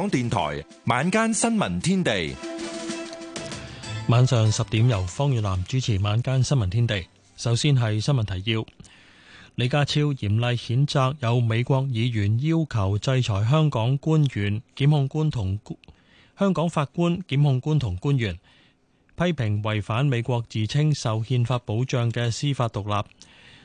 港電台晚間新聞天地，晚上十點由方月南主持。晚間新聞天地，首先係新聞提要。李家超嚴厲譴責有美國議員要求制裁香港官員、檢控官同官香港法官、檢控官同官員，批評違反美國自稱受憲法保障嘅司法獨立。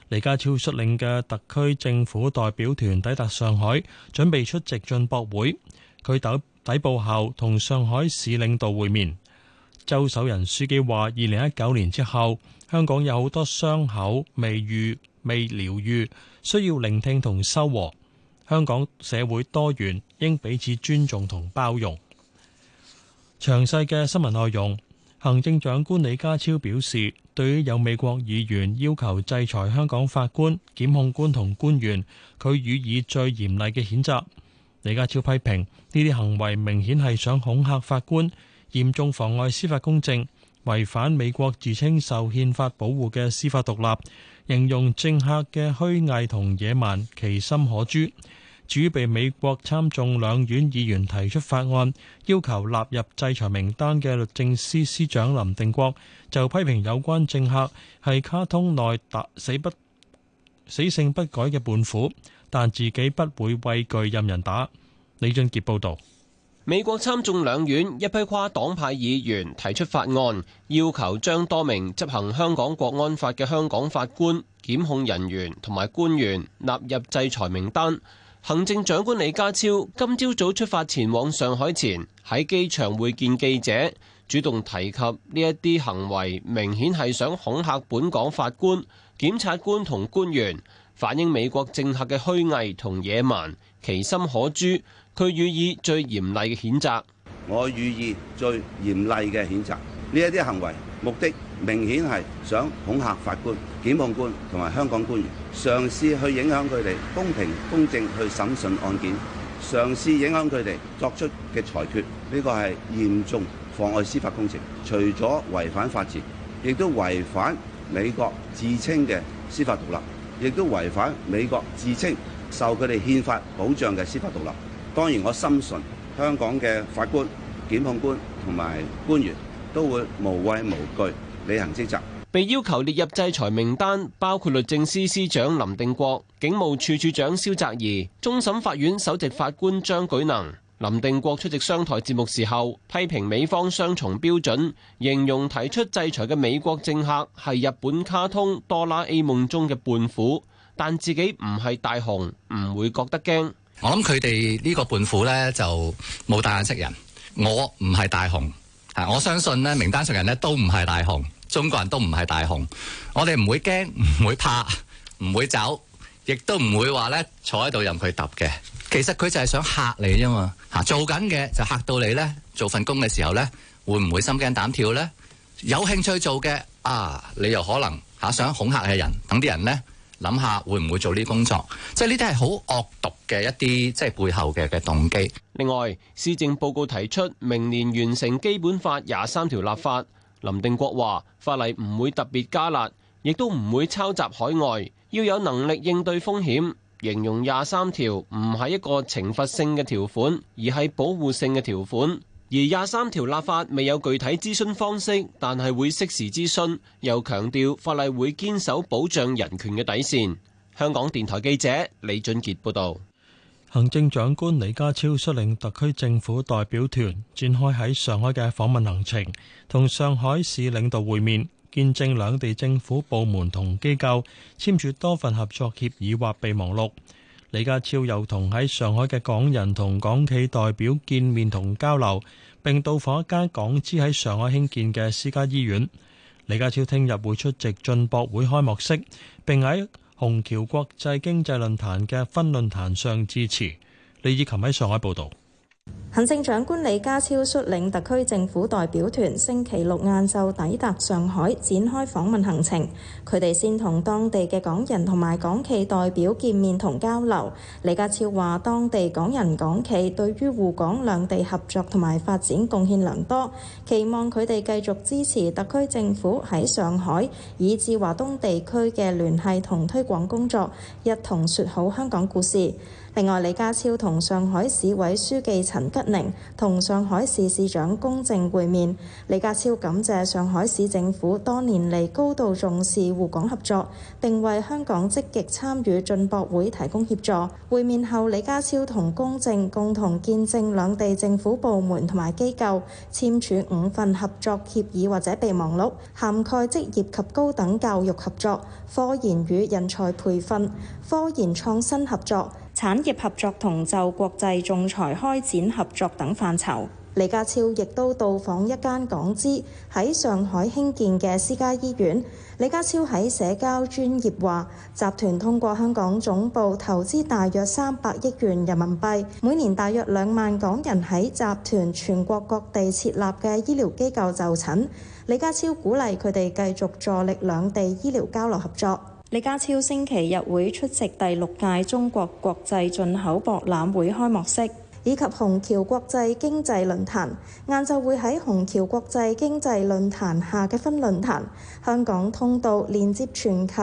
李家超率領嘅特區政府代表團抵達上海，準備出席進博會。佢抵抵步後，同上海市領導會面。周守仁樞機話：二零一九年之後，香港有好多傷口未癒、未療癒，需要聆聽同修和。香港社會多元，應彼此尊重同包容。詳細嘅新聞內容，行政長官李家超表示，對於有美國議員要求制裁香港法官、檢控官同官員，佢予以最嚴厲嘅譴責。李家超批評呢啲行為明顯係想恐嚇法官，嚴重妨礙司法公正，違反美國自稱受憲法保護嘅司法獨立。形容政客嘅虛偽同野蠻，其心可誅。至於被美國參眾兩院議員提出法案，要求納入制裁名單嘅律政司司長林定國，就批評有關政客係卡通內打不死，死性不改嘅叛虎。但自己不會畏懼任人打。李俊杰報道。美國參眾兩院一批跨黨派議員提出法案，要求將多名執行香港國安法嘅香港法官、檢控人員同埋官員納入制裁名單，行政長官李家超今朝早出發前往上海前，喺機場會見記者，主動提及呢一啲行為明顯係想恐嚇本港法官、檢察官同官員。反映美國政客嘅虛偽同野蠻，其心可誅。佢予以最嚴厲嘅譴責。我予以最嚴厲嘅譴責。呢一啲行為目的明顯係想恐嚇法官、檢控官同埋香港官員，嘗試去影響佢哋公平公正去審訊案件，嘗試影響佢哋作出嘅裁決。呢個係嚴重妨礙司法公正，除咗違反法治，亦都違反美國自稱嘅司法獨立。亦都違反美國自稱受佢哋憲法保障嘅司法獨立。當然，我深信香港嘅法官、檢控官同埋官員都會無畏無懼履行職責。被要求列入制裁名單，包括律政司司長林定國、警務處處長蕭澤頤、終審法院首席法官張舉能。林定國出席商台節目時候，批評美方雙重標準，形容提出制裁嘅美國政客係日本卡通哆啦 A 夢中嘅胖虎，但自己唔係大雄，唔會覺得驚。我諗佢哋呢個胖虎呢就冇帶眼識人，我唔係大雄，啊，我相信咧名單上人咧都唔係大雄，中國人都唔係大雄。我哋唔會驚，唔會怕，唔會走。亦都唔會話咧坐喺度任佢揼嘅，其實佢就係想嚇你啫嘛嚇，做緊嘅就嚇到你咧。做份工嘅時候咧，會唔會心驚膽跳咧？有興趣做嘅啊，你又可能嚇想恐嚇嘅人，等啲人咧諗下會唔會做呢啲工作？即係呢啲係好惡毒嘅一啲，即係背後嘅嘅動機。另外，施政報告提出明年完成基本法廿三條立法，林定國話法例唔會特別加辣，亦都唔會抄襲海外。要有能力應對風險，形容廿三條唔係一個懲罰性嘅條款，而係保護性嘅條款。而廿三條立法未有具體諮詢方式，但係會適時諮詢，又強調法例會堅守保障人權嘅底線。香港電台記者李俊傑報道。行政長官李家超率領特區政府代表團展開喺上海嘅訪問行程，同上海市領導會面，見證兩地政府部門同機構簽署多份合作協議或備忘錄。李家超又同喺上海嘅港人同港企代表見面同交流，並到訪一間港資喺上海興建嘅私家醫院。李家超聽日會出席進博會開幕式，並喺虹橋國際經濟論壇嘅分論壇上致辭。李以琴喺上海報道。行政長官李家超率領特區政府代表團星期六晏晝抵達上海，展開訪問行程。佢哋先同當地嘅港人同埋港企代表見面同交流。李家超話：當地港人港企對於滬港兩地合作同埋發展貢獻良多，期望佢哋繼續支持特區政府喺上海以至華東地區嘅聯繫同推廣工作，一同說好香港故事。另外，李家超同上海市委書記陳吉寧同上海市市長龔正會面，李家超感謝上海市政府多年嚟高度重視滬港合作，並為香港積極參與進博會提供協助。會面後，李家超同龔正共同見證兩地政府部門同埋機構簽署五份合作協議或者備忘錄，涵蓋職業及高等教育合作、科研與人才培訓、科研創新合作，產業合作同就國際仲裁開展合作等範疇，李家超亦都到訪一間港資喺上海興建嘅私家醫院。李家超喺社交專頁話，集團通過香港總部投資大約三百億元人民幣，每年大約兩萬港人喺集團全國各地設立嘅醫療機構就診。李家超鼓勵佢哋繼續助力兩地醫療交流合作。李家超星期日會出席第六屆中國國際進口博覽會開幕式，以及虹橋國際經濟論壇。晏晝會喺虹橋國際經濟論壇下嘅分論壇《香港通道連接全球》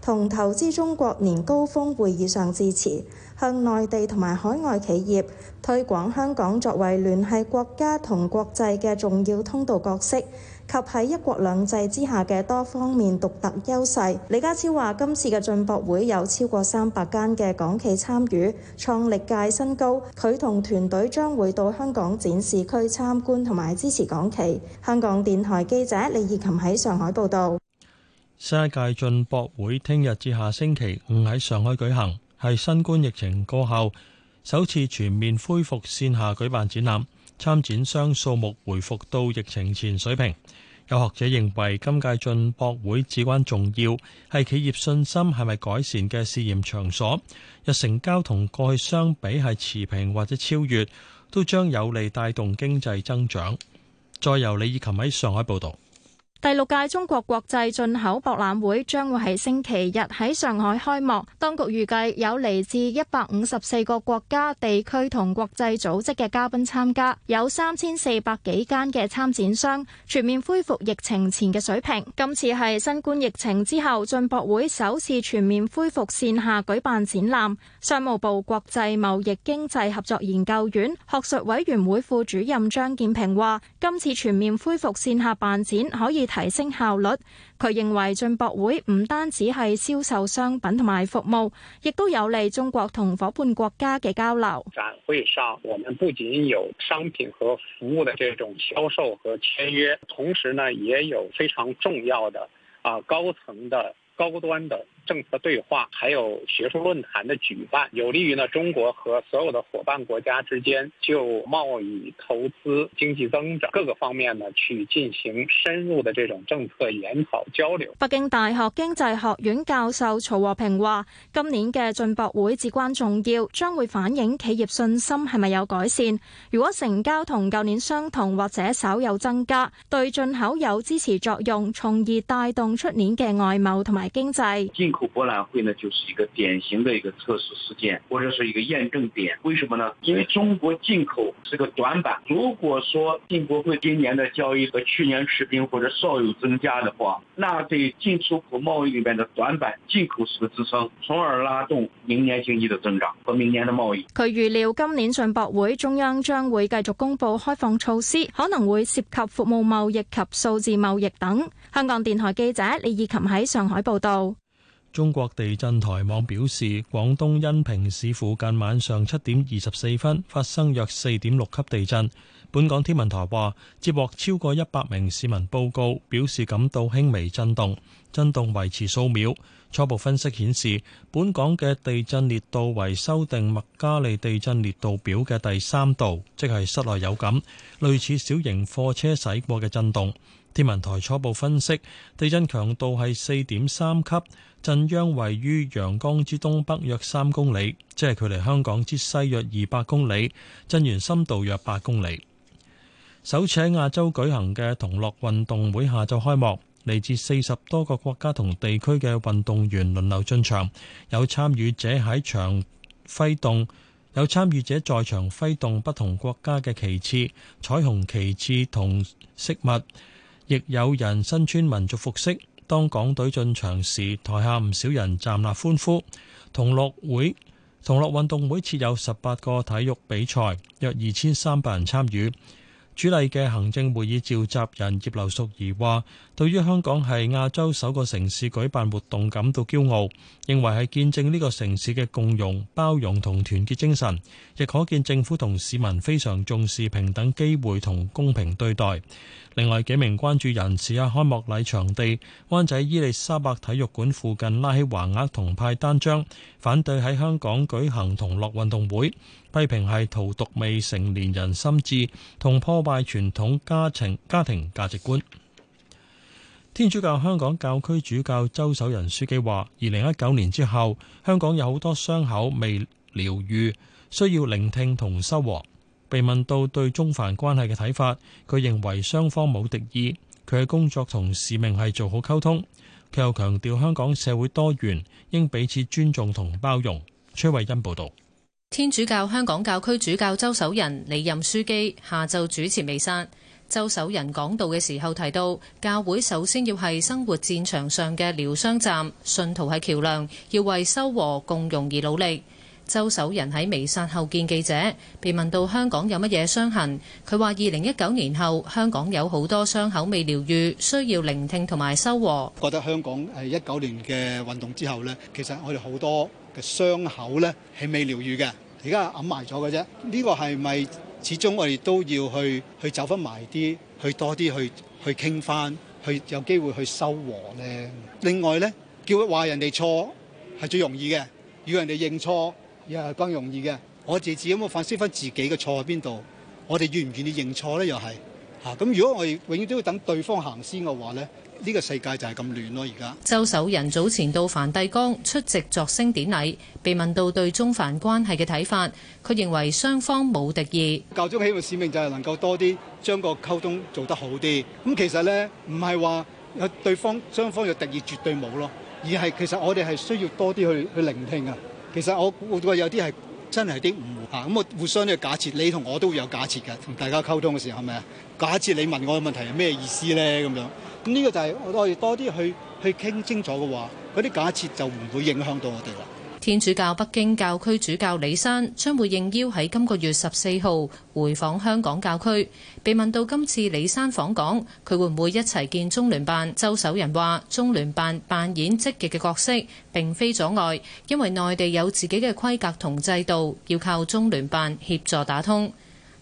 同投資中國年高峰會議上致辭，向內地同埋海外企業推廣香港作為聯繫國家同國際嘅重要通道角色。及喺一國兩制之下嘅多方面獨特優勢，李家超話：今次嘅進博會有超過三百間嘅港企參與，創歷屆新高。佢同團隊將會到香港展示區參觀同埋支持港企。香港電台記者李怡琴喺上海報道。新一屆進博會聽日至下星期五喺上海舉行，係新冠疫情過後首次全面恢復線下舉辦展覽。參展商數目恢復到疫情前水平，有學者認為今屆進博會至關重要，係企業信心係咪改善嘅試驗場所。若成交同過去相比係持平或者超越，都將有利帶動經濟增長。再由李以琴喺上海報道。第六屆中國國際進口博覽會將會喺星期日喺上海開幕，當局預計有嚟自一百五十四個國家、地區同國際組織嘅嘉賓參加，有三千四百幾間嘅參展商全面恢復疫情前嘅水平。今次係新冠疫情之後進博會首次全面恢復線下舉辦展覽。商務部國際貿易經濟合作研究院學術委員會副主任張建平話：今次全面恢復線下辦展可以。提升效率，佢認為進博會唔單止係銷售商品同埋服務，亦都有利中國同伙伴國家嘅交流。展會上，我們不僅有商品和服務的這種銷售和簽約，同時呢，也有非常重要的啊高層的高端的。政策對話，還有學術論壇的舉辦，有利於呢，中國和所有的伙伴國家之間就貿易、投資、經濟增長各個方面呢，去進行深入的這種政策研討交流。北京大學經濟學院教授曹和平話，今年嘅進博會至關重要，將會反映企業信心係咪有改善。如果成交同舊年相同或者稍有增加，對進口有支持作用，從而帶動出年嘅外貿同埋經濟。進口博覽會呢，就是一個典型的一個測試事件，或者是一個驗證點。為什麼呢？因為中國進口是個短板。如果說進博會今年的交易和去年持平或者稍有增加的話，那對進出口貿易裏面的短板進口是個支撐，從而拉動明年經濟的增長和明年的貿易。佢預料今年進博會中央將會繼續公布開放措施，可能會涉及服務貿易及數字貿易等。香港電台記者李義琴喺上海報道。中國地震台網表示，廣東恩平市附近晚上七點二十四分發生約四點六級地震。本港天文台話，接獲超過一百名市民報告，表示感到輕微震動，震動維持數秒。初步分析顯示，本港嘅地震烈度為修訂麥加利地震烈度表嘅第三度，即係室內有感，類似小型貨車駛過嘅震動。天文台初步分析，地震強度係四點三級，震央位於陽江之東北約三公里，即係距離香港之西約二百公里，震源深度約八公里。首次喺亞洲舉行嘅同樂運動會下晝開幕，嚟自四十多個國家同地區嘅運動員輪流進場，有參與者喺場揮動，有參與者在場揮動不同國家嘅旗幟、彩虹旗幟同飾物。亦有人身穿民族服飾，當港隊進場時，台下唔少人站立歡呼。同樂會同樂運動會設有十八個體育比賽，約二千三百人參與。主禮嘅行政會議召集人葉劉淑儀話：對於香港係亞洲首個城市舉辦活動感到驕傲，認為係見證呢個城市嘅共融、包容同團結精神，亦可見政府同市民非常重視平等機會同公平對待。另外幾名關注人士喺開幕禮場地灣仔伊利沙伯體育館附近拉起橫額同派單張，反對喺香港舉行同樂運動會。批評係荼毒未成年人心智同破壞傳統家庭家庭價值觀。天主教香港教區主教周守仁樞機話：二零一九年之後，香港有好多傷口未療愈，需要聆聽同修和。被問到對中梵關係嘅睇法，佢認為雙方冇敵意，佢嘅工作同使命係做好溝通。佢又強調香港社會多元，應彼此尊重同包容。崔慧欣報導。天主教香港教區主教周守仁離任樞機，下晝主持彌撒。周守仁講道嘅時候提到，教會首先要係生活戰場上嘅療傷站，信徒係橋樑，要為修和共融而努力。周守仁喺彌撒後見記者，被問到香港有乜嘢傷痕，佢話：二零一九年後，香港有好多傷口未療愈，需要聆聽同埋修和。覺得香港喺一九年嘅運動之後呢，其實我哋好多嘅傷口呢，係未療愈嘅。而家揞埋咗嘅啫，呢、這個係咪始終我哋都要去去走翻埋啲，去多啲去去傾翻，去，去有機會去收和呢。另外呢，叫佢話人哋錯係最容易嘅，要人哋認錯又係更容易嘅。我哋自己有冇反思翻自己嘅錯喺邊度，我哋願唔願意認錯呢？又係嚇咁。啊、如果我哋永遠都要等對方行先嘅話呢。呢個世界就係咁亂咯！而家周守仁早前到梵蒂岡出席祝聖典禮，被問到對中梵關係嘅睇法，佢認為雙方冇敵意。教宗希望使命就係能夠多啲將個溝通做得好啲。咁其實咧，唔係話有對方雙方有敵意，絕對冇咯。而係其實我哋係需要多啲去去聆聽啊。其實我估過有啲係真係啲誤會啊。咁我互相咧假設，你同我都會有假設嘅。同大家溝通嘅時候係咪啊？假設你問我嘅問題係咩意思咧？咁樣。呢個就係我都可以多啲去去傾清楚嘅話，嗰啲假設就唔會影響到我哋啦。天主教北京教區主教李山將會應邀喺今個月十四號回訪香港教區。被問到今次李山訪港，佢會唔會一齊見中聯辦？周守仁話：中聯辦扮演積極嘅角色，並非阻礙，因為內地有自己嘅規格同制度，要靠中聯辦協助打通。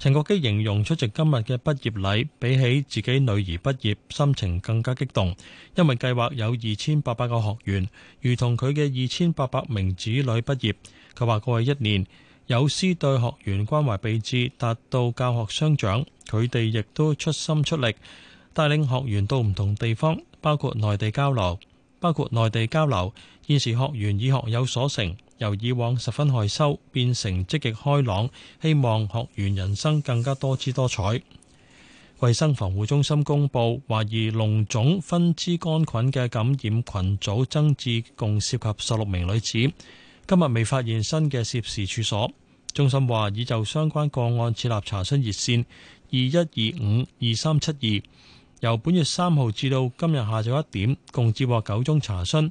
陳國基形容出席今日嘅畢業禮，比起自己女兒畢業，心情更加激動。因為計劃有二千八百個學員，如同佢嘅二千八百名子女畢業。佢話過去一年，有師對學員關懷備至，達到教學相長。佢哋亦都出心出力，帶領學員到唔同地方，包括內地交流。包括內地交流，現時學員已學有所成。由以往十分害羞，變成積極開朗，希望學員人生更加多姿多彩。衛生防護中心公布，懷疑膿腫分支杆菌嘅感染群組增至共涉及十六名女子。今日未發現新嘅涉事處所。中心話已就相關個案設立查詢熱線二一二五二三七二，72, 由本月三號至到今日下晝一點共接獲九宗查詢。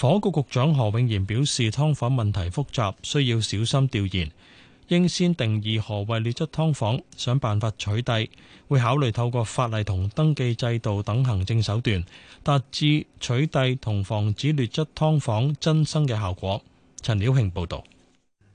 房局局長何永賢表示，劏房問題複雜，需要小心調研，應先定義何為劣質劏房，想辦法取締，會考慮透過法例同登記制度等行政手段，達至取締同防止劣質劏房增生嘅效果。陳曉慶報導。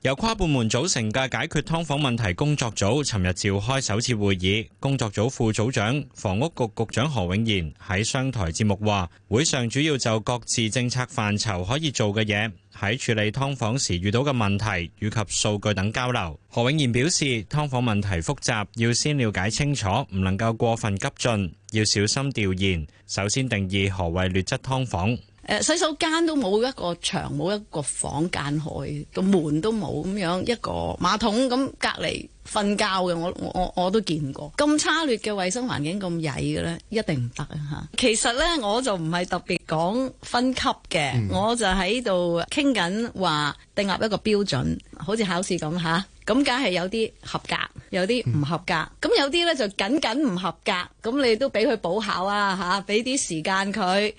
由跨部門組成嘅解決劏房問題工作組，尋日召開首次會議。工作組副組長房屋局局長何永賢喺商台節目話：會上主要就各自政策範疇可以做嘅嘢，喺處理劏房時遇到嘅問題以及數據等交流。何永賢表示，劏房問題複雜，要先了解清楚，唔能夠過分急進，要小心調研。首先定義何謂劣質劏房。誒洗手間都冇一個牆，冇一個房間，開個門都冇咁樣一個馬桶咁隔離瞓覺嘅，我我我我都見過咁差劣嘅衞生環境咁曳嘅咧，一定唔得啊！嚇，其實咧我就唔係特別講分級嘅，我就喺度傾緊話定立一個標準，好似考試咁嚇，咁梗係有啲合格，有啲唔合格，咁有啲咧就僅僅唔合格，咁你都俾佢補考啊嚇，俾啲時間佢。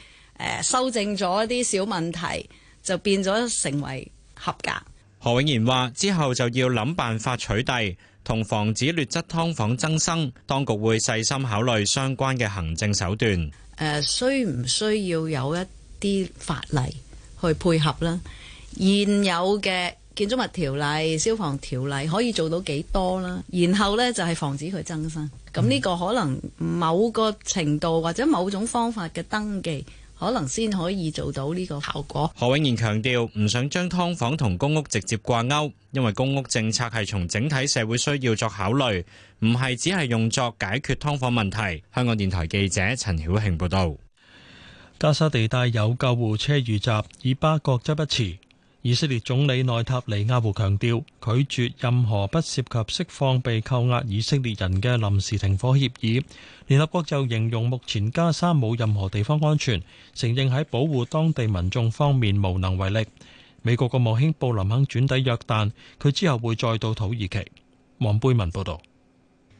修正咗一啲小問題，就變咗成，成為合格。何永賢話：之後就要諗辦法取締同防止劣質劏房增生，當局會細心考慮相關嘅行政手段。呃，需唔需要有一啲法例去配合呢？現有嘅建築物條例、消防條例可以做到幾多呢？然後呢，就係、是、防止佢增生。咁呢個可能某個程度或者某種方法嘅登記。可能先可以做到呢個效果。何永賢強調，唔想將劏房同公屋直接掛鈎，因為公屋政策係從整體社會需要作考慮，唔係只係用作解決劏房問題。香港電台記者陳曉慶報道。加沙地帶有救護車遇襲，以巴各執一詞。以色列總理內塔尼亞胡強調拒絕任何不涉及釋放被扣押以色列人嘅臨時停火協議。聯合國就形容目前加沙冇任何地方安全，承認喺保護當地民眾方面無能為力。美國國務卿布林肯轉抵約旦，佢之後會再到土耳其。黃貝文報導。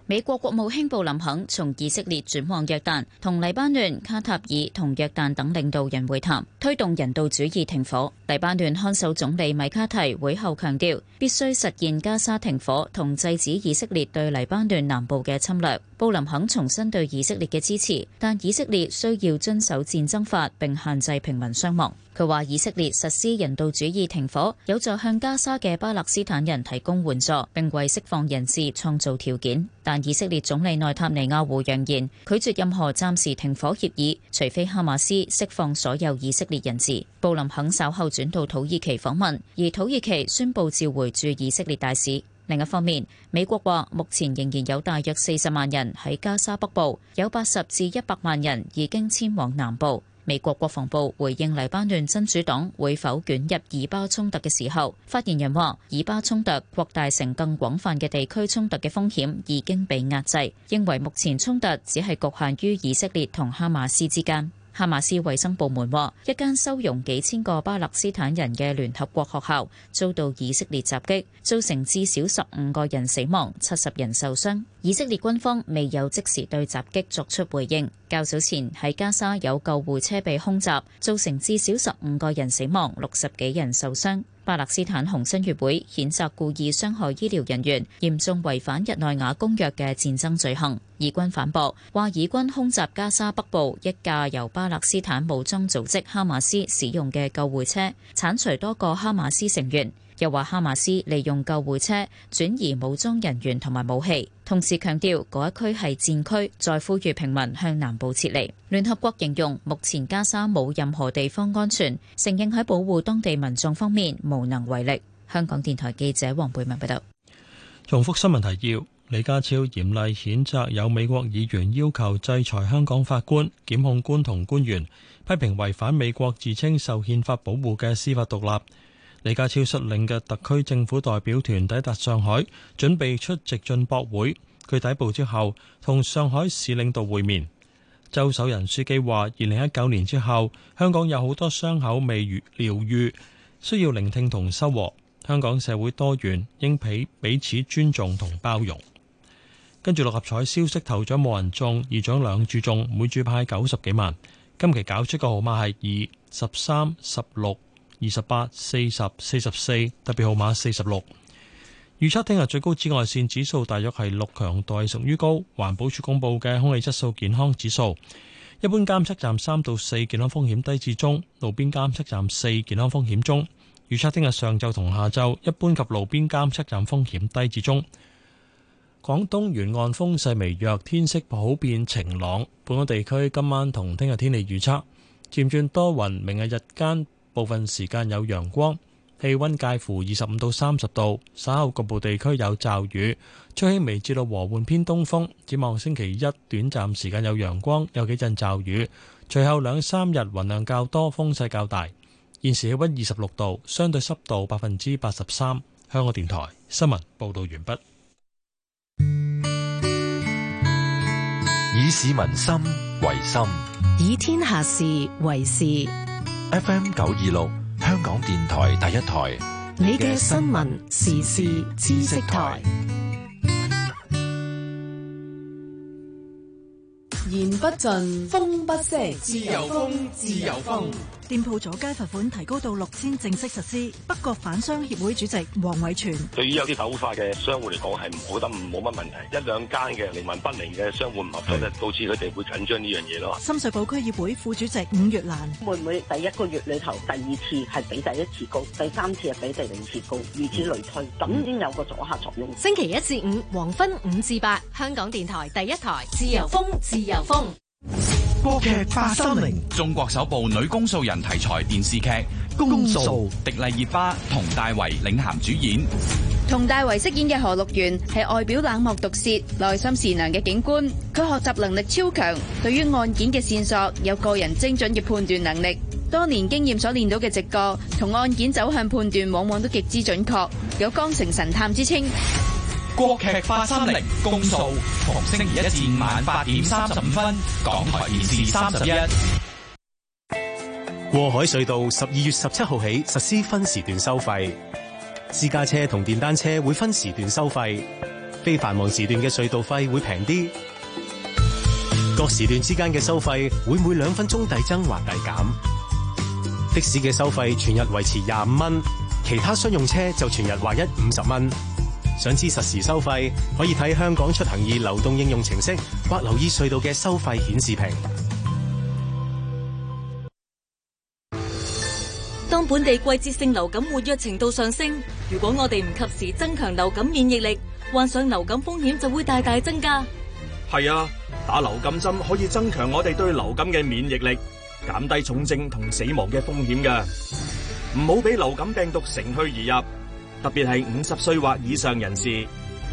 美國國務卿布林肯從以色列轉往約旦，同黎巴嫩、卡塔爾同約旦等領導人會談，推動人道主義停火。黎巴嫩看守總理米卡提會後強調，必須實現加沙停火，同制止以色列對黎巴嫩南部嘅侵略。布林肯重申對以色列嘅支持，但以色列需要遵守戰爭法並限制平民傷亡。佢話：以色列實施人道主義停火，有助向加沙嘅巴勒斯坦人提供援助並為釋放人士創造條件。但以色列總理內塔尼亞胡揚言拒絕任何暫時停火協議，除非哈馬斯釋放所有以色列人士。布林肯稍後轉到土耳其訪問，而土耳其宣布召回駐以色列大使。另一方面，美國話目前仍然有大約四十萬人喺加沙北部，有八十至一百萬人已經遷往南部。美國國防部回應黎巴嫩真主黨會否捲入以巴衝突嘅時候，發言人話：以巴衝突擴大成更廣泛嘅地區衝突嘅風險已經被壓制，認為目前衝突只係局限於以色列同哈馬斯之間。哈馬斯衛生部門話，一間收容幾千個巴勒斯坦人嘅聯合國學校遭到以色列襲擊，造成至少十五個人死亡，七十人受傷。以色列軍方未有即時對襲擊作出回應。較早前喺加沙有救護車被空襲，造成至少十五個人死亡，六十幾人受傷。巴勒斯坦紅新月會譴責故意傷害醫療人員、嚴重違反日內瓦公約嘅戰爭罪行。以軍反駁話，以軍空襲加沙北部一架由巴勒斯坦武裝組織哈馬斯使用嘅救護車，鏟除多個哈馬斯成員。又話哈馬斯利用救護車轉移武裝人員同埋武器，同時強調嗰一區係戰區，再呼籲平民向南部撤離。聯合國形容目前加沙冇任何地方安全，承認喺保護當地民眾方面無能為力。香港電台記者黃貝文報道。重複新聞提要：李家超嚴厲譴責有美國議員要求制裁香港法官、檢控官同官員，批評違反美國自稱受憲法保護嘅司法獨立。李家超率領嘅特區政府代表團抵達上海，準備出席進博會。佢抵達之後，同上海市領導會面。周守仁書記話，二零一九年之後，香港有好多傷口未療愈，需要聆聽同收穫。香港社會多元，應彼彼此尊重同包容。跟住六合彩消息，頭獎冇人中，二獎兩注中，每注派九十幾萬。今期搞出嘅號碼係二十三十六。二十八、四十四、十四，特別號碼四十六。預測聽日最高紫外線指數大約係六強，代屬於高。環保署公布嘅空氣質素健康指數，一般監測站三到四，健康風險低至中；路邊監測站四，健康風險中。預測聽日上晝同下晝，一般及路邊監測站風險低至中。廣東沿岸風勢微弱，天色普遍晴朗。本港地區今晚同聽日天氣預測，漸轉多雲，明日日間。部分時間有陽光，氣温介乎二十五到三十度。稍後局部地區有驟雨，吹起微至到和緩偏東風。展望星期一短暫時間有陽光，有幾陣驟雨，隨後兩三日雲量較多，風勢較大。現時氣温二十六度，相對濕度百分之八十三。香港電台新聞報道完畢。以市民心為心，以天下事為事。FM 九二六，香港電台第一台，你嘅新聞時事知識台，言不盡，風不息，自由風，自由風。店鋪阻街罰款提高到六千，正式實施。北角反商協會主席黃偉全：，對於有啲手法嘅商戶嚟講係唔好得，冇乜問題。一兩間嘅靈魂不嚟嘅商戶唔合作，導致佢哋會緊張呢樣嘢咯。深水埗區議會副主席伍月蘭：，會唔會第一個月裏頭第二次係比第一次高，第三次係比第二次高，如此類推，咁應有個阻嚇作用。星期一至五，黃昏五至八，香港電台第一台，自由風，自由風。《歌劇化八三七中國首部女公訴人題材電視劇，公訴，公素 迪麗熱巴、佟大為領銜主演。佟大為飾演嘅何陸源係外表冷漠毒舌、內心善良嘅警官，佢學習能力超強，對於案件嘅線索有個人精準嘅判斷能力，多年經驗所練到嘅直覺同案件走向判斷往往都極之準確，有江城神探之稱。國劇八三零公數數逢星期一至晚八點三十五分，港台電視三十一。過海隧道十二月十七號起實施分時段收費，私家車同電單車會分時段收費，非繁忙時段嘅隧道費會平啲。各時段之間嘅收費會每兩分鐘遞增或遞減。的, 的士嘅收費全日維持廿五蚊，其他商用車就全日劃一五十蚊。想知實時收費，可以睇香港出行易流動應用程式，或留意隧道嘅收費顯示屏。當本地季節性流感活躍程度上升，如果我哋唔及時增強流感免疫力，患上流感風險就會大大增加。係啊，打流感針可以增強我哋對流感嘅免疫力，減低重症同死亡嘅風險㗎。唔好俾流感病毒乘虛而入。特別係五十歲或以上人士、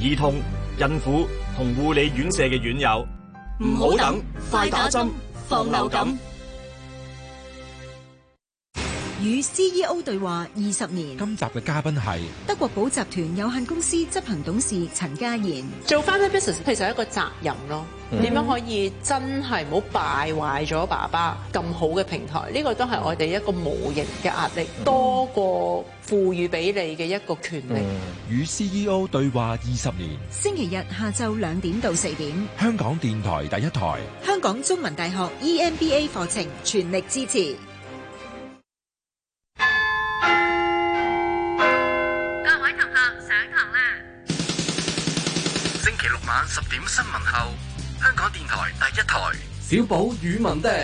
兒童、孕婦同護理院舍嘅院友，唔好等，快打針，防流感。與 CEO 對話二十年，今集嘅嘉賓係德國寶集團有限公司執行董事陳家賢。做翻 business 其實係一個責任咯，點、嗯、樣可以真係唔好敗壞咗爸爸咁好嘅平台？呢、這個都係我哋一個無形嘅壓力，嗯、多過賦予俾你嘅一個權力。嗯、與 CEO 對話二十年，星期日下晝兩點到四點，香港電台第一台，香港中文大學 EMBA 課程全力支持。小寶與文迪，好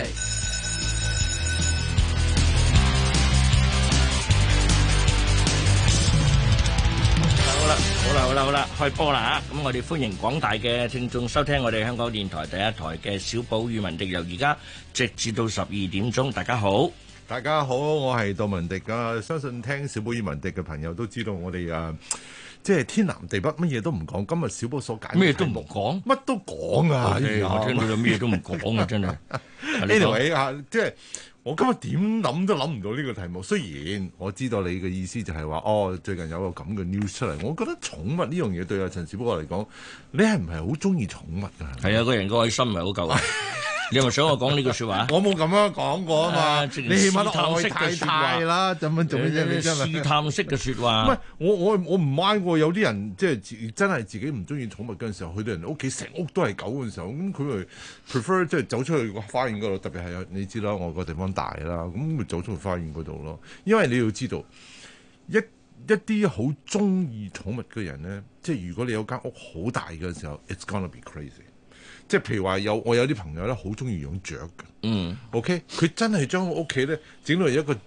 啦好啦好啦好啦，開波啦吓！咁我哋歡迎廣大嘅聽眾收聽我哋香港電台第一台嘅小寶與文迪，由而家直至到十二點鐘。大家好，大家好，我係杜文迪啊！相信聽小寶與文迪嘅朋友都知道我哋啊。即係天南地北，乜嘢都唔講。今日小波所解咩都唔講，乜都講啊！ 我聽到咩都唔講啊！真係 anyway 啊，即係我今日點諗都諗唔到呢個題目。雖然我知道你嘅意思就係話，哦，最近有個咁嘅 news 出嚟。我覺得寵物呢樣嘢對阿陳小波嚟講，你係唔係好中意寵物啊？係啊，個人個愛心唔係好夠啊。你係咪想我講呢句説話？ 我冇咁樣講過啊嘛！啊你起碼都試探式嘅説話啦，咁樣做咩啫？真係試探式嘅説話。唔係我我我唔 mind 喎，有啲人即係真係自己唔中意寵物嘅時候，佢哋人屋企成屋都係狗嘅時候，咁佢咪 prefer 即係走出去個花園嗰度。特別係你知啦，外國地方大啦，咁咪走出去花園嗰度咯。因為你要知道，一一啲好中意寵物嘅人咧，即係如果你有間屋好大嘅時候，it's gonna be crazy。即係譬如話有我有啲朋友咧，好中意養雀嘅。嗯，OK，佢真係將我屋企咧整到嚟一個。